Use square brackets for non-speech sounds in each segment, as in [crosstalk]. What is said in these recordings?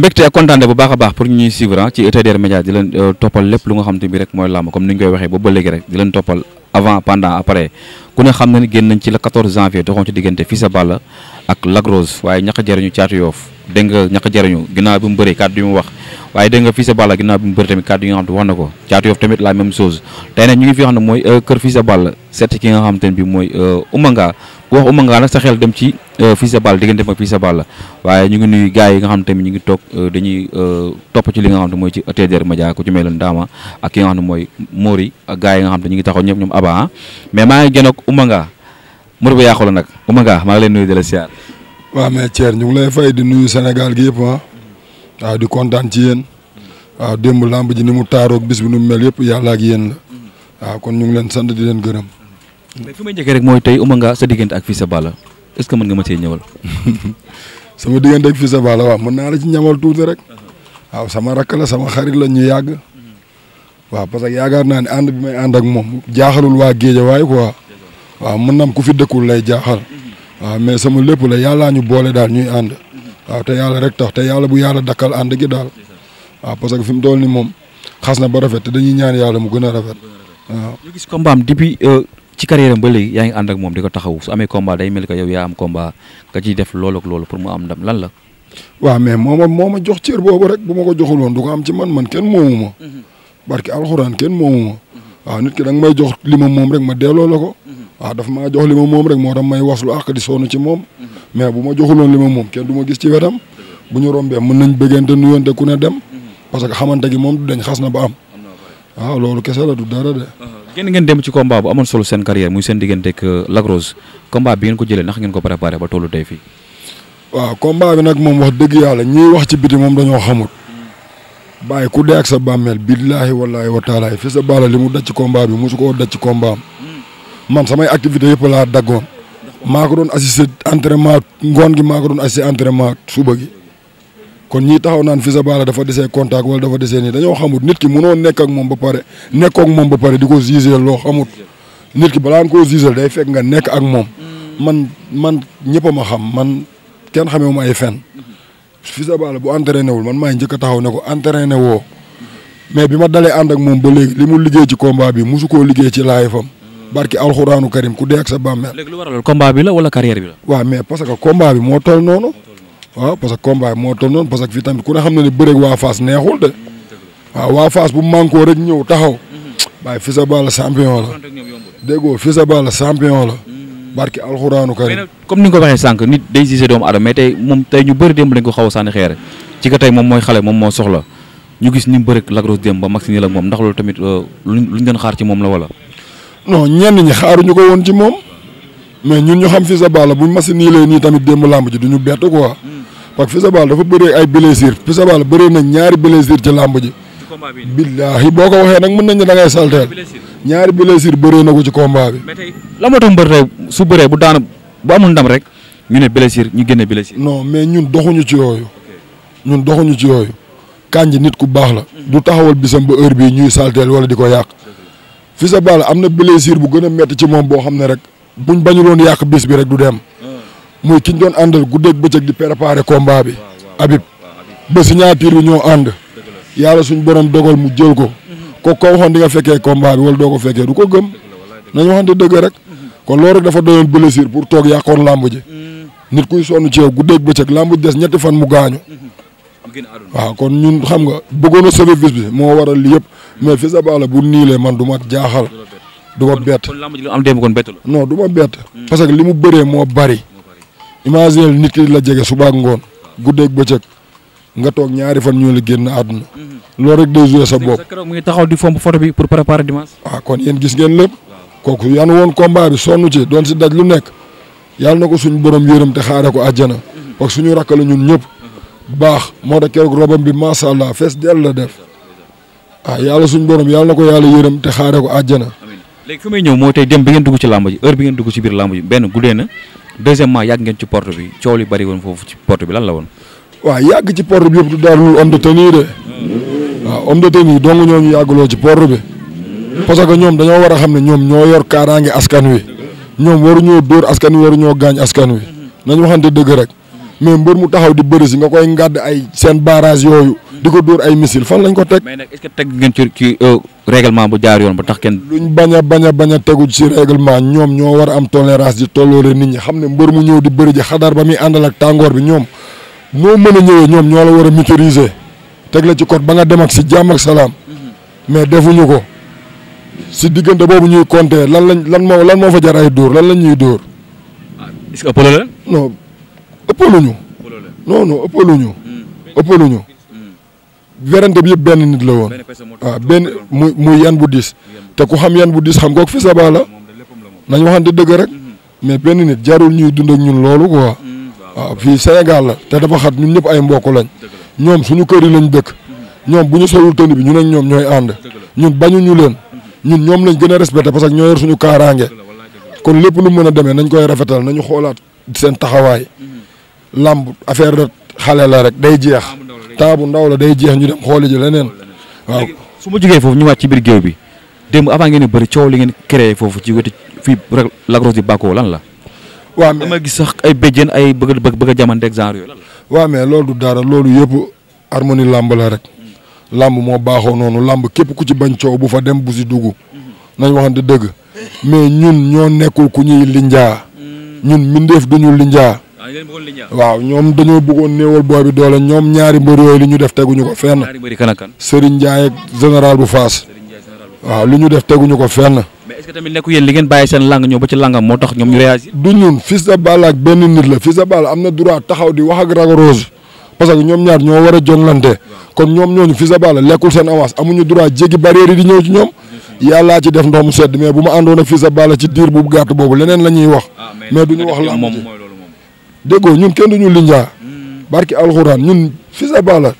mbégte ak kontaante bu baax a baax pour ñuy suivre ah ci ETDR Média di leen euh, toppal lépp lu nga xam te bi rek mooy làmb comme ni ñu koy waxee boobu ba léegi rek di leen toppal avant pendant après ku ne xam na ne génn nañ ci le 14 janvier doxoon ci diggante Fils de ak Lac Rose waaye jariñu caatu yoof dégg nga ñàkk jariñu ginnaaw bi mu bëree kàddu yi wax waaye dégg nga Fils de Balla ginnaaw tamit kàddu yi nga xam te wax na ko Caatu Yoff tamit la même chose tey ñu ngi fi xam ne mooy euh, kër nga xam te euh, dem ci euh, Fils de Balla diggante ak Fils de Balla waaye ñu ngi nuyu gars yi nga xam tamit ñu ngi toog dañuy topp ci li nga xam te mooy ci TDR Média ku ci mel ne Ndama ak ki nga xam ne mooy Mori ak gars yi nga xam te ñu ah. mais maa ngi gën ak Oumanga mur ba yàqu la nag leen nuyu di la siyaar waaw mais Thier ñu ngi lay fay di nuyu Sénégal gi yëpp ah. ah di contane ci yeen ah demb lamb ji ni mu taaroog bis bi nu mel yep yalla ak yeen ah kon ñu ngi leen sant di leen gëreem mais fumay may rek moy tay uma nga sa digënt ak Fils bala est-ce que mën nga ma ci ñëwal. [laughs] sama digënt ak Fils bala wa mën na la ci ñamal tout rek waaw sama rak la sama xarit la ñu yag wa parce que yaakaar naa and bi may and ak mom jaaxalul waa way quoi wa mën na am ku fi dekkul lay jaaxal wa mais sama lepp la yalla ñu boole daal ñuy and waaw ah, te yàlla rek tax te yàlla bu yàlla dakkal ànd gi daal waaw ah, parce que fi mu toll ni moom xas na ba rafet te dañuy ñaan yàlla mu gën a rafet waaw. Ah. ñu gis combat am depuis euh, ci carrière am ba léegi yaa ngi ànd ak moom di ko taxaw su amee combat day mel que yow yaa am combat nga ciy def loolu ak loolu pour mu am ndam lan la. waaw mais moo ma moo ma jox cër boobu rek bu ma ko joxul woon du ko am ci man man kenn moomu mhm. barki alxuraan kenn moomu waaw ah, nit ki dang may jox lima ma rek ma delo lako ko mhm. ah, daf jox lima ma rek moo may waslu ak di sonu ci mom mhm. mais buma ma joxuloon li ma moom kenn gis ci wetam buñu rombe mom mën nañ bëggante nuyonte ku ne dem mhm. parce que xamanté gi mom du dañ xasna ba am waaw ah, lolu kessa la du dara de uh-huh. gën ngeen dem ci combat bu amon solo sen carrière muy sen digënté ak uh, Lac Rose combat bi ngeen ko jëlé nak ngeen ko préparer ba tolu tay fi wa combat bi nak mom wax deug yalla ñi wax ci biti mom dañu xamut bàyyi ku dee ak sa bàmmeel billaahi wallaahi wa taala fi sa baala li mu daj ci combat bi mosu koo daj ci combat hmm. man samay activité yëpp laa daggoon maa ko doon assister entraînement ngoon gi maa ko doon assister entraînement suba gi kon ñii taxaw naan fi sa baala dafa desee contact wala dafa desee nii dañoo xamut nit ki mënoo nekk ak moom ba pare nekkook moom ba pare di ko gisé loo xamut nit ki balaa nga koo gisé day fekk nga nekk ak moom hmm. man man ñëpp a ma xam man kenn xamewuma ay fen hmm. Fils de Balla bu entraîné wul man maay njëkk taxaw ne ko entraîné woo mais bi ma dalee ànd ak moom ba léegi li mu liggéey ci combat bi mosu koo liggéey ci laay fam barki alxuraanu karim ku dee ak sa bàmmeel. léegi lu bi la wala carrière bi la. waaw mais parce que combat bi moo toll noonu. waaw parce que combat bi moo toll noonu parce que fii tamit ku ne xam na ne bëreeg waa Fass neexul de. waaw waa Fass bu mànkoo rek ñëw taxaw. Mhm. waaye Fils de Balla la. déggoo Fils de Balla la. barki alquranu karim comme ni nga ko waxee nit day gisee doom adam mais tay mom tay ñu bëre démb lañ ko xaw a sànni xeer ci ka tay mom moy xalé mom mo soxla ñu gis ni bëre la gros dem ba maxi nii la mom ndax loolu tamit euh, luñu gën xaar ci mom la wala non ñen ñi xaaru ko won ci mom mais ñun ñu xam fi de Balla bu machine nii lee tamit démb lamb ji duñu bett quoi hmm. parce que fi de Balla dafa bëre ay blessure fi de Balla bëree na ñaari blessure ci lamb ji combat bi billahi boko waxe nak mën nañ da ngay saltel ñaari blessure beure nako ci combat bi mais mbeur tay su beure bu daanu bu amul ndam rek ñu ne blessure ñu génné blessure non mais ñun doxuñu ci yoyu ñun doxuñu ci yoyu kanji nit ku baax la du taxawal bisam ba heure bi ñuy saltel wala diko yaq fi sa bal amna blessure bu gëna metti ci mom bo xamne rek buñ bañu doon yaq bis bi rek du dem muy kiñ doon andal guddek beccëk di préparer combat bi abib ba signature ñoo and yàlla suñ borom dogal mu jël ko ko ko waxoon di nga fekkee combat bi wala doo ko fekkee du ko gëm nañu waxante dëgg rek kon loolu rek dafa doyoon blessure pour toog yàqoon làmb ji nit kuy sonn ci yow guddeeg bëccëg làmb ji des ñetti fan mu gaañu waaw kon ñun xam nga bëggoon a bis bi moo waral li yëpp mais fi sa la bu niilee man du ma jaaxal du ma bett non du ma bett parce que li mu bëree moo bari imaginer nit ki la jege subaak ngoon guddeeg bëccëg nga tok ñaari fan ñoo la genn aduna loolu rek de jouer sa bop keroog mu ngi taxaw di fomp photo bi pour préparer dimanche. ah kon yeen gis ngeen lepp koku yan won combat bi sonu ci don ci daj lu nek yal nako suñu borom yërëm te xaare ko aljana ak suñu rakk ñun ñëpp baax mo da keroog robam bi macha allah fees dell la def ah yalla suñu borom yàlla nako yalla yàlla te xaare ko aljana léegi fi may ñëw mooy tey dem bi ngeen dugg ci lamb ji heure bi ngeen dugg ci bir lamb ji ben guddee na deuxièmement yàgg ngeen ci porte bi cioli bari won fofu ci porte bi lan la won wa yag ci port bi yëpp du daanul homme de tenir wa waaw homme de tenue dong ñoo ñu yàggaloo ci port bi parce que ñom dañoo wara xamne ñom ñoo yor karange askan wi waru ñoo door askan waru ñoo gañ askan wi nañu waxante deug rek mais mbeur mu taxaw di bëri nga koy ngad ay sen barrage yoyu diko door ay missile fan lañ ko tek mais nak est-ce que tek ngeen ci euh, règlement bu jaar yoon ba tax ken luñ baña baña baña tegu ci règlement ñom ñoo war am tolérance di tolloore nit ñi xamne mbeur mu ñëw di beuri ji xadar ba mi andal ak tangor bi ñom noo mën a ñëwee ñoom ñoo la war a maîtriser teg la ci code ba nga dem ak si jàmm ak salaam mais defuñu ko si diggante boobu ñuy compter lan lañ lan moo lan moo fa jar ay dóor lan lañ ñuy dóor. Ah, est-ce que ëppale la. non ñu non non ëppaluñu. Hmm. ëppaluñu. werante bi yëpp benn nit la woon. waaw benn ah, mu muy yan bu diis te ku xam yan bu diis xam kook fi sabaa la nañ waxante dëgg rek hmm. mais benn nit jarul ñuy dund ak ñun loolu quoi. Hmm. waaw ah, fii Sénégal la te dafa xat ñun ñëpp ay mbokk lañ ñoom suñu kër yi lañ dëkk ñoom bu ñu solul tënk bi ñu ne ñoom ñooy ànd ñun bañuñu leen ñun ñoom lañ gën a respecté parce que ñoo yor suñu kaaraange kon lépp lu mën a demee nañ koy rafetal nañu xoolaat seen taxawaay mm-hmm. làmb affaire de xale la rek day jeex taabu ndaw la day jeex ñu dem xooli ji leneen waaw. su ma jógee ñu wàcc ci biir géew bi démb avant ngeen di bëri coow li ngeen créé foofu ci wetu di bàkkoo lan la. waaw mais dama gis sax ay béjjén ay bëgg a bëgg a jamanteeg genre yooyu. waaw loolu du dara loolu yëpp harmonie làmb la rek. làmb moo baaxoo noonu làmb képp ku ci bañ coow bu fa dem bu si dugg. nañ waxante dëgg. mais ñun ñoo nekkul ku ñuy linjaa. ñun mbindeef duñu ah, linjaa. waaw ñoom dañoo bëggoon néewal booy bi doole ñoom ñaari mbër li ñu def teguñu ko fenn. Serigne Ndiaye ak général bu Faas. waaw li ñu def teguñu ko fenn. que tamit nekku yéen li ngeen bàyyi seen lang ñoo ba ci langam moo tax ñoom ñu réagir. du ñun Fils de Balla ak benn nit la Fils de droit taxaw di wax ak Lac Rose parce que ñoom ñaar ñoo war kon ñoom ñooñu Fils de Balla lekkul seen avance amuñu droit jéggi barrière di ñëw ci ñoom yàllaa ci def ndoom sedd mais bu ma àndoon ak Fils de Balla ci diir bu gàtt boobu leneen la ñuy wax ah, mais duñu wax la dego ñun kenn duñu linjaa hmm. barki alxuraan ñun Fils de Balla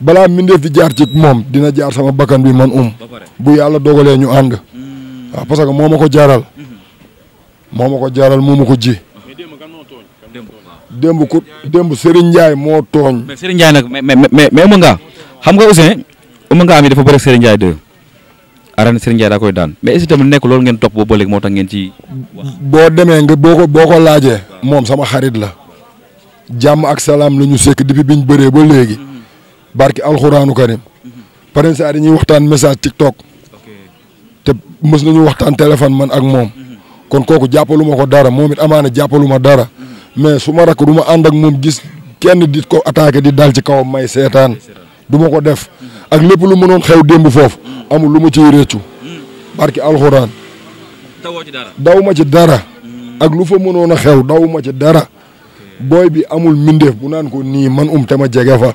balaa mbindeef di jaar ci moom dina jaar sama bakkan bi man um bu yàlla dogalee ñu ànd hmm ah parce que momako jaral momako jaral momako ji ko ko ji. Serigne Ndiaye mo togn mais Serigne Ndiaye nak mais mais mais nga xam nga Ouzin nga ami dafa bëri Serigne Ndiaye de arène Serigne Ndiaye da koy daan mais est-ce que tamit nekk ngeen top bo léegi moo tax ngeen ci bo demee nga boko boko boo mom sama xarit la. jam ak salam lañu ñu sekk depuis biñ bëree ba léegi. barki alcorane karim. pare saa ñi waxtaan message TikTok. mës nañu waxtaan téléphone man ak moom kon kooku jàppalu ma ko dara moom it amaana jàppalu ma dara mais su ma rakk du ma ànd ak moom gis kenn di ko attaqué di dal ci kawam may seetaan du ma ko def ak lépp lu mënoon xew démb foofu amul lu ma ciy réccu barki alxuraan daw ma ci dara ak lu fa mënoon a xew daw ma ci dara booy bi amul mbindeef bu naan ko nii man um te ma jege fa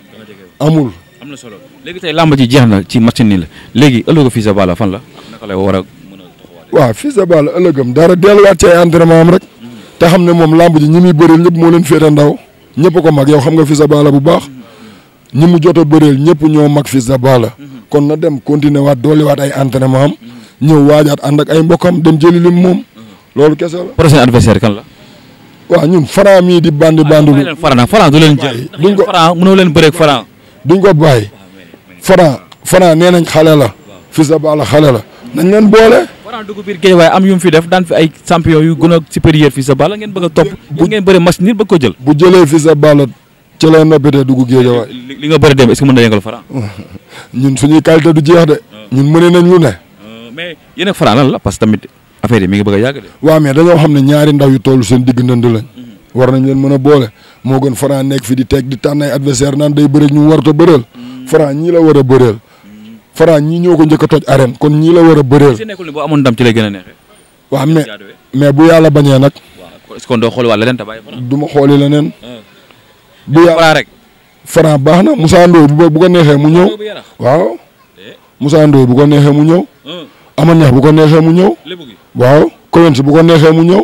amul am na solo léegi tey làmb ji jeex na ci match nii la léegi ëllëg Fils de Balla fan la naka lay war a mën a taxawaat waaw Fils de Balla ëllëgam dara delluwaat ci ay entraînement am rek hmm. te xam ne moom ji ñi muy bëreel ñëpp leen féete ndaw ñëpp ko mag yow xam nga Fils de bu baax hmm. ñi mu jot a ñoo mag Fils de hmm. kon na dem continuer waat dolliwaat ay entraînement am ñëw waajaat ak ay dem lim la. prochain adversaire kan la. ñun di bandi bandi. waaw du du leen jël. duñ ko leen duñ ko bàyyi Franc Franc nenañ xalé xale la Fils ba la xalé la nañ len bolé Franc dugu bir géej way am yu fi def dan fi ay champion yu gëna a supérieur Fils ba la ngeen bëgg top bu ngeen bëre match nit ba ko jël. bu jëlee Fils ba la ci lay noppite dugu géej way li nga bëre dem est-ce mëna yëngal Franc. [laughs] ñun suñu qualité du jeex de. ñun mëne nañ lu ne. Euh, mais yene ak lan la parce que tamit affaire yi mi nga bëgg a yàgg de. mais dañu xamné ñaari ndaw yu tollu seen digg ndënd lañ war nañ leen mëna a boole moo gën Fran nekk fi di teg di tànn adversaire naan day bëre ñu warta bëreel Fran ñi la war a bëreel Franc ñii ñoo ko njëkk a toj arène kon ñi la war a bëreel si ni boo amoon ndam ci lay gën a neexee waaw mais eh? mais bu yàlla bañee nag est-ce que doo xool wàll leneen te du ma xooli leneen bu yàlla rek Fran baax na Moussa Ndoye bu ko neexee mu ñëw waaw ah. Moussa Ndoye bu ko neexee mu ñëw ama bu ko neexee mu ñëw waaw Koyens bu ko neexee mu ñëw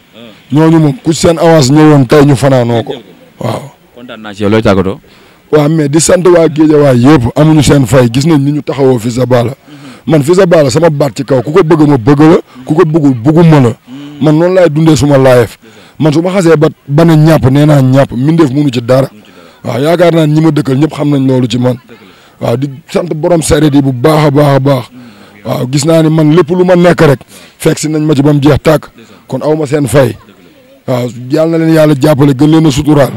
ñoo ñooñu moom ku seen avance woon tey ñu fanaanoo ko waaw. kontaan naa ci tàggatoo. waaw mais di sant waa Géejawaay yëpp ñu seen fay gis nañ ni ñu taxawoo fi sa baala man fi sa baala sama baat ci kaw ku ko bëgg ma bëgg la ku ko bëggul ma la man noonu laay dundee suma laayef man su ma xasee ba ba ne ñàpp nee naa ñàpp mindeef munu ci dara waaw yaakaar naa ñi ma dëkkal ñëpp xam nañ loolu ci man waaw di sant boroom sareet yi bu baax a baax a baax waaw gis naa ni man lépp lu ma nekk rek fekk nañ ma ci ba mu jeex tàkk kon aw ma seen fay. waaw yàlla na leen yàlla jàppale gën leen a suturaal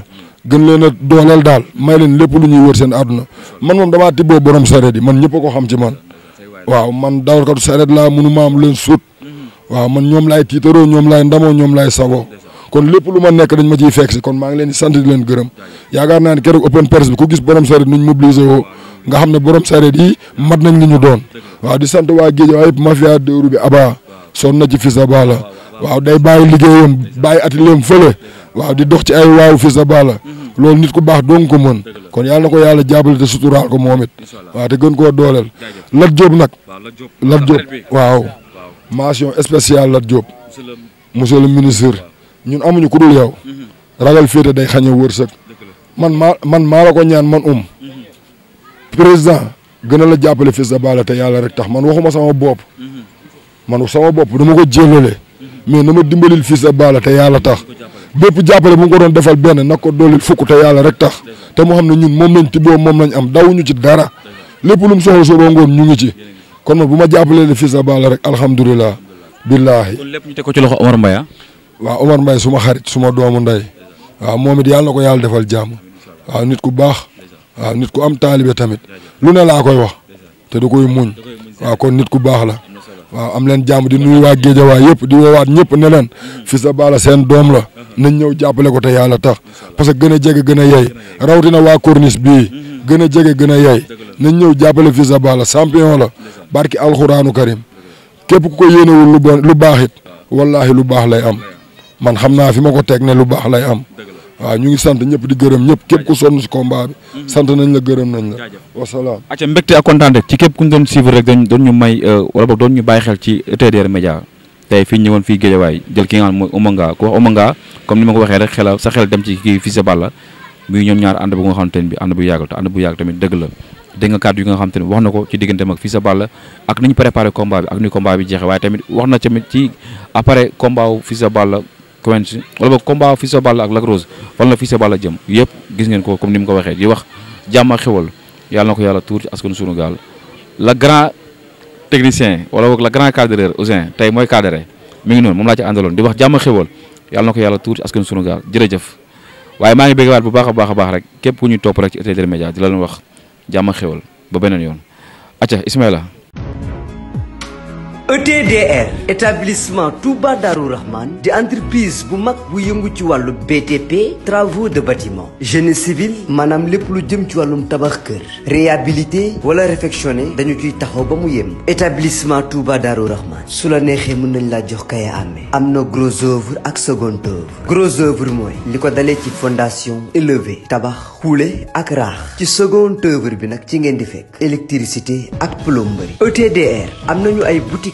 gën leen a dooleel daal may leen lépp lu ñuy wër seen àdduna man moom damaa tibboo borom sareet yi man ñëpp a ko xam ci man waaw man dawalkatu sareet laa mënu am leen sut waaw man ñoom laay tiitaroo ñoom laay ndamoo ñoom laay sagoo kon lépp lu ma nekk dañ ma ciy fekk kon maa ngi leen sant leen gërëm yaakaar naa ne keroog open presse bi ku gis borom sareet nga xam ne borom sareet yi mat nañ lu ñu doon waaw di sant waa Géejawaay yëpp mafia dëru bi aba son na ci fils Aba la waaw day bàyyi liggéeyam bàyyi atelier fële waaw di dox ci ay waaw fii sa bala mhm. loolu nit ku baax doon ko mën kon yàlla na ko yàlla jàppale te suturaal ko moom it waaw te gën koo dooleel Lat Diop nag Lat Diop waaw mention spéciale Lat Diop monsieur le ministre ñun amuñu ku dul yow mhm. ragal féete day xañe wërsëg man maa man maa la ko ñaan man um mhm. président gën a la jàppale fils de Balla te yàlla rek tax man waxuma sama bopp man sama bopp dama ko jëlale mais na ma dimbalil fii sa baala te yàlla tax bépp jàppale bu mu ko doon defal benn nag ko doolil fukk te yàlla rek tax te mu xam ne ñun moom lañ tibboo moom lañ am dawuñu ci dara lépp lu mu soxla soo ngoon ñu ngi ci kon nag bu ma jàppalee fiis sa baala rek alhamdulilah billaahi. kon lépp ñu teg ko ci loxo Omar Mbaye ah. waaw Omar Mbaye suma xarit suma doomu ndey waaw moom it yàlla na ko yàlla defal jàmm waaw nit ku baax waaw nit ku am taalibe tamit lu ne laa koy wax te da koy muñ waaw kon nit ku baax la. waaw am leen jàmm di nuyu waa waay yëpp di woowaat ñëpp ne leen Fils de Balla seen doom la nañ ñëw jàppale ko te yàlla tax parce que gën a jege gën a yey rawatina waa corniche bii gën a jege gën a yey nañ ñëw jàppale Fils de Balla champion la barki alxuraanu karim képp ku ko yéenewul lu bon lu baax it wallaahi lu baax lay am man xam naa fi ma ko teg ne lu baax lay am waaw ñu ngi sant ñëpp di gërëm ñëpp képp ku sonn si combat bi mm-hmm. sant nañ la gërëm nañ la wasalaam acca mbégte ak kontaan ci képp ku ñu doon suivre ñu may euh, wala boog doon ñu bàyyi xel ci ETDR Média tey fii ñëwoon fii Guédiawaay jël ki nga xam mooy Omanga ku comme ni ma ko waxee rek xelal sa xel dem ci kii Fils de Balla muy ñoom ñaar ànd bu nga xamante ne bi ànd bu yàgg te ànd bu yàgg tamit dëgg la dégg nga kàddu yi nga xamante ne wax na ko ci digganteem ak Fils de Balla ak ni ñu préparé combat bi ak ni combat bi jeexee waaye na tamit ci après combat wu Fils de Balla Quench wala boog combat Fils de Balla ak Lac Rose fan la Fils de Balla jëm yëpp gis ngeen ko comme ni mu ko waxee di wax jàmm ak xewal yàlla na ko yàlla tuur ci askanu sunu gaal la grand technicien wala boog la grand cadreur Ousin tey mooy cadré mi ngi noonu moom laa ci àndaloon di wax jàmm ak xewal na ko yàlla tuur ci askanu sunu gaal jërëjëf waaye maa ngi bëgg waat bu baax baax a baax rek képp ku ñuy topp rek ci ETDR Média di la leen wax jàmm ak ba beneen yoon acca Ismaïla ETDR établissement Touba Darou Rahman di entreprise bu mag bu yëngu ci walu BTP travaux de bâtiment génie civil manam lepp lu jëm ci walum tabax kër réhabilité wala réfectionné dañu ci taxaw ba mu yem établissement Touba Darou Rahman su la neexee mën nañ la jox kaya amee amna gros œuvre ak second œuvre gros œuvre moy liko dalé ci fondation élevé tabax xuule ak raax ci second œuvre bi nak ci ngeen di fekk électricité ak plomberie ETDR amna ñu ay boutique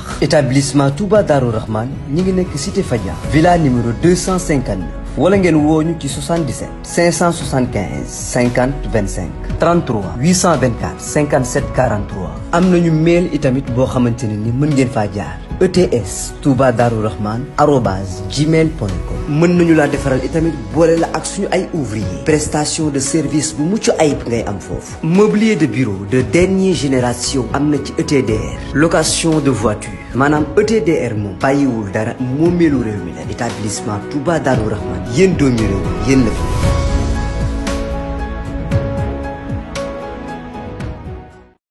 établissement Touba Darou Rahman ñi ngi cité Fadia villa numéro 250 wala ngeen 77 575 50 25 33 824 57 43 am un mail itamit bo xamanteni ni mën ngeen fa jaar ets touba darou rahman mën nañu la defaral itamit boole la ak suñu ay ouvrier prestation de service bu muccu ayib ngay am fofu. mobilier de bureau de dernière génération amna ci ETDR location de voiture maanaam ETDR moom bàyyiwul dara moomeelu réew mi la établissement Touba Darou Rahman yéen doomi réew yéen la